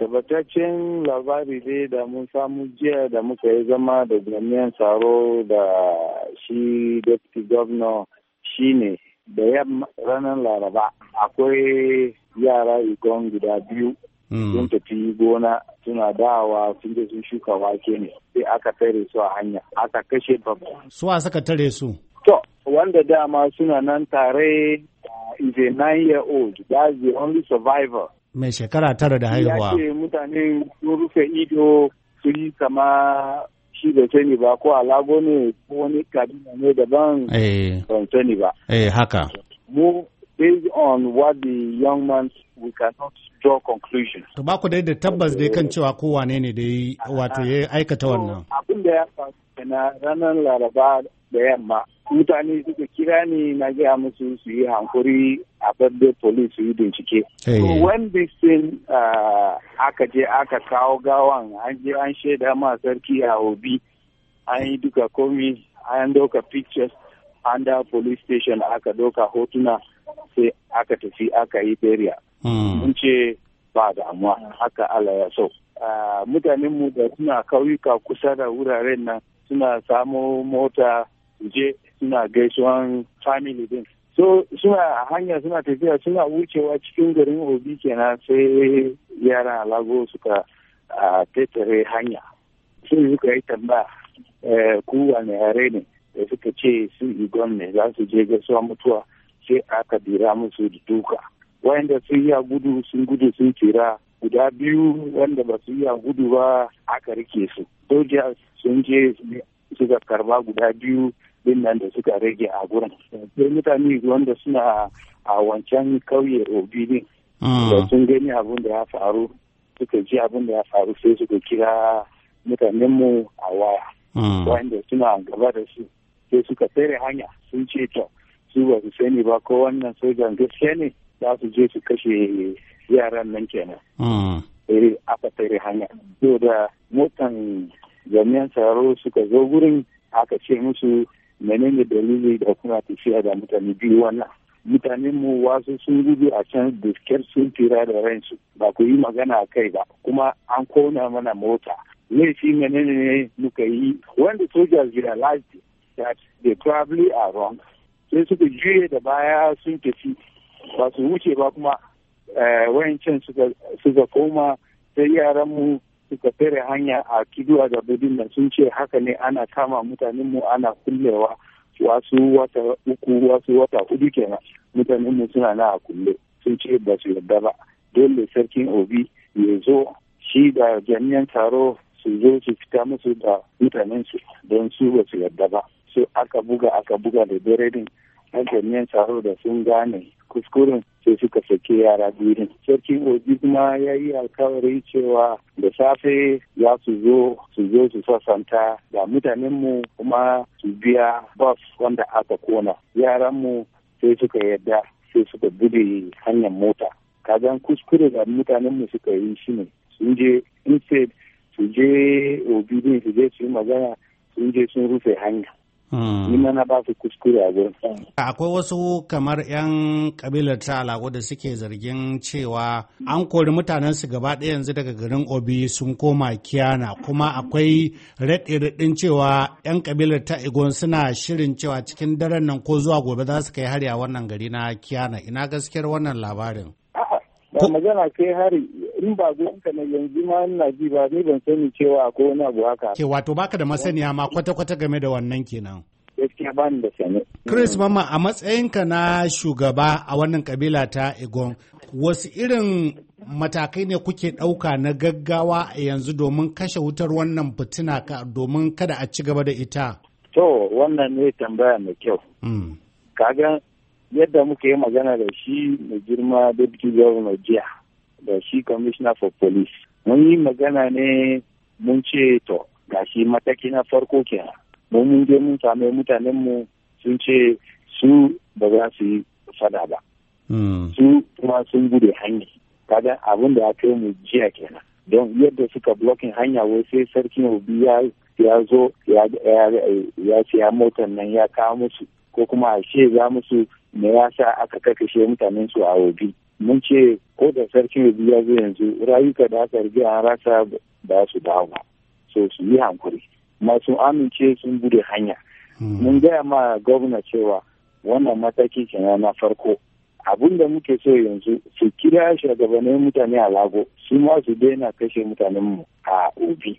tabbataccen labari ne da mun samu jiya da muka yi zama da jami'an tsaro da shi deputy governor shine da yamma ranar laraba akwai yara ikon guda biyu hmm. sun tafi gona suna dawa sun je sun shuka wake ne sai aka tare su a hanya aka kashe su a saka tare su to wanda dama suna nan tare uh, is a nine year old that's the only survivor mai shekara tara da haihuwa. Ya ce mutane sun rufe ido su yi kama shi da sani ba ko alago ne ko wani kabila ne daban eh. ban sani ba. Eh haka. Mu based on what the young man we cannot draw conclusions. To ba ku dai da tabbas dai kan cewa ko wane ne dai wato ya aikata wannan. Abin da ya faru na ranar Laraba da yamma mutane suka kira ni na gaya musu su yi hankuri a birthday police su yi bincike. when this thing uh, aka je aka kawo gawan an je an shaida ma sarki a obi an yi duka komi an doka pictures under police station aka doka hotuna sai aka tafi aka yi burial. Hmm. mun ce ba damuwa haka Allah ya so ah, Mutanen mu da suna kauyuka kusa da wuraren nan suna samo mota je suna gaisuwan family din so suna hanya suna tafiya suna wucewa cikin garin obi kenan sai yaran alago suka ah, tattare hanya sun suka yi tambaya eh, ku wane yare ne da suka ce su igon ne za su je gaisuwa mutuwa sai aka dira musu duka wayanda sun a gudu sun gudu sun kira guda biyu wanda ba su iya gudu ba aka rike su soja sun je suka karba guda biyu din nan da suka rage a gurin sai mutane wanda suna a wancan kauye obi ne hmm. da sun gani abin da ya faru suka ji abin da ya faru sai suka kira mutanen mu a waya hmm. wanda suna gaba da su sai suka tsere hanya sun ce to su ba su sani ba ko wannan sojan gaskiya ne za su je su kashe yaran nan kenan. Sai hmm. eh, aka tare hanya. Yau da motan jami'an tsaro suka zo gurin aka ce musu menene dalili da kuma tafiya da mutane biyu wannan. Mutanen mu wasu sun gudu a can dukkan sun tira da ransu ba ku yi magana a kai ba kuma an kona mana mota. Laifi menene ne muka yi wanda sojas lati that they probably are wrong. Sai suka juye da baya sun tafi ba su wuce ba kuma eh, wayancin suka koma sai yaranmu suka fere hanya a kiduwa da budin sun ce haka ne ana kama mutanenmu ana kullewa wasu wata uku wasu wata hudu kenan mutanenmu suna na a kulle sun ce ba su yarda ba dole sarkin obi ya zo shi da jami'an taro su zo su fita musu da mutanensu don su ba su yarda ba su aka buga aka buga da dare na jami'an tsaro da sun gane kuskuren sai suka sake yara birin. sarki oji kuma ya yi alkawari cewa da safe za su zo su zo su sassanta da mutanenmu kuma su biya bus wanda aka kona yaranmu sai suka yadda sai suka bude hanyar mota kagan kuskure da mutanenmu suka yi shi ne sun je instead su je obi su je su yi magana sun je sun rufe hanya Hmm. Nima na ba su kuskure a gurin. Akwai wasu kamar 'yan kabilar ta alago da suke zargin cewa an kori mutanen su gaba ɗaya yanzu daga garin Obi sun koma Kiyana kuma akwai raɗe-raɗin cewa 'yan kabilar ta Igon suna shirin cewa cikin daren nan ko zuwa gobe za su kai hari a wannan gari na Kiyana. Ina gaskiyar wannan labarin. ba magana kai hari in ba zuwan ka na yanzu ma ina ji ba ni ban sani cewa ko wani abu haka ke wato baka da masaniya ma kwata-kwata game da wannan kenan gaskiya ba ni da sani Chris mama a matsayinka na shugaba a wannan kabila ta Igon wasu irin matakai ne kuke ɗauka na gaggawa a yanzu domin kashe wutar wannan fitina ka domin kada a ci gaba da ita to wannan ne tambaya mai kyau hmm. kaga yadda muka yi magana da shi mai girma deputy governor jiya da shi commissioner for police mun yi magana ne mun ce to gashi mataki na farko kenan mun mun je mun same mutanen mu sun ce su ba za su yi fada ba hmm. su kuma sun gude hanyar kaga abin da aka yi mu jiya kenan don yadda suka blocking hanya wai sai sarkin obi ya zo ya siya motar nan ya kawo musu ko kuma a ce za musu me ya sa aka kakashe mutanen su a obi mun ce ko da sarki mai ya zo yanzu rayuka da aka rige an rasa ba su dawo so su yi hankuri masu amince sun bude hanya hmm. mun gaya ma gwamna cewa wannan mataki kenan na farko abin da muke so yanzu su kira shugabannin mutane a lago su ma su daina kashe mutanen mu a obi